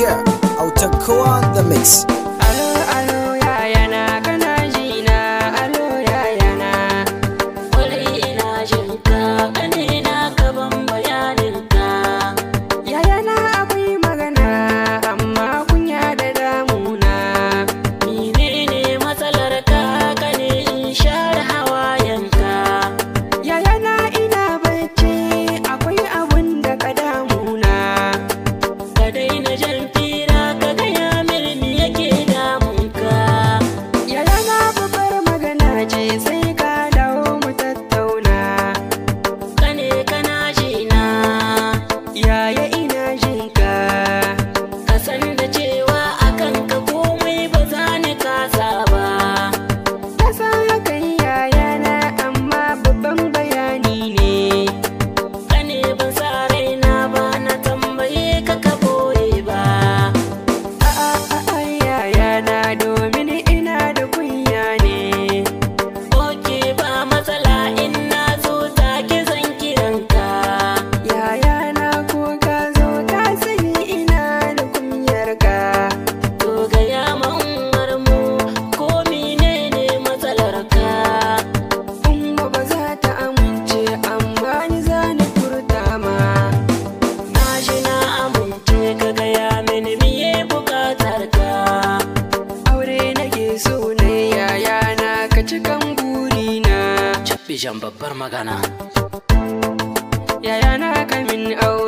yeah, utakuwa the mix. kai yayana ka guri na Cabbi jan babbar magana. Yayana kamin aure.